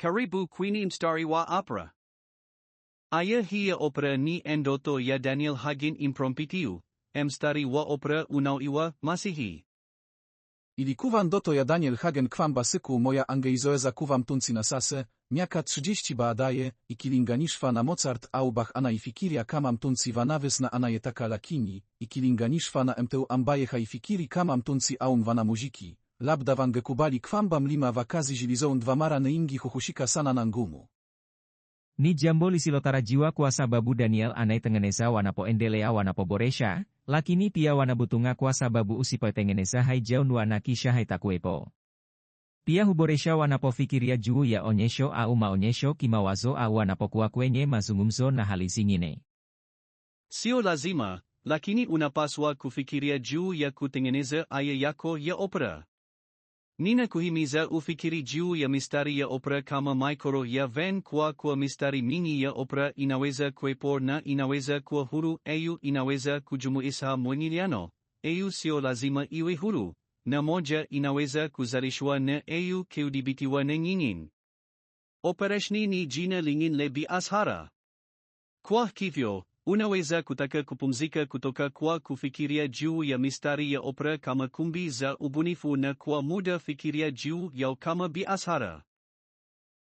Karibu Queenie Mstari wa Opera. Aya hia opera ni endoto ya Daniel Hagin impromptiu, mstari wa opera unauiwa masihi. Ilikuwan doto ja Daniel Hagen kwamba syku moja angeizoeza kuwam tunci na sase, miaka 30 baadaje, i kilinganishwa na Mozart aubach anaifikiria kamam tunci vanavis na anajetaka lakini, i kilinganishwa na mtu ambaje haifikiri kamam tunci aum vana muziki, labda wangekubali kwamba mlima wakazi zilizą dwa mara nyingi huhusika sana na ngumu. Ni jambo lisilotarajiwa kwa sababu Daniel anaitengeneza wanapoendelea wanapoboresha, lakini pia wanabutunga kwa sababu usipoitengeneza haijaundwa na kisha haitakuwepo. Pia huboresha wanapofikiria juu ya onyesho au maonyesho kimawazo au wanapokuwa kwenye mazungumzo na hali zingine. Sio lazima, lakini unapaswa kufikiria juu ya kutengeneza aya yako ya opera nina kuhimiza ufikiri juu ya mistari ya opera kama maikoro ya Venn kwa kuwa mistari mingi ya opera inaweza kuwepo na inaweza kuwa huru. Eu inaweza kujumuisha mwingiliano. Eu sio lazima iwe huru, na moja inaweza kuzalishwa na eu kudhibitiwa na nyingin. Operesheni ni jina lingine la biashara. Kwa hivyo, Unaweza kutaka kupumzika kutoka kwa kufikiria juu ya mistari ya opera kama kumbi za ubunifu na kwa muda fikiria juu yao kama biashara.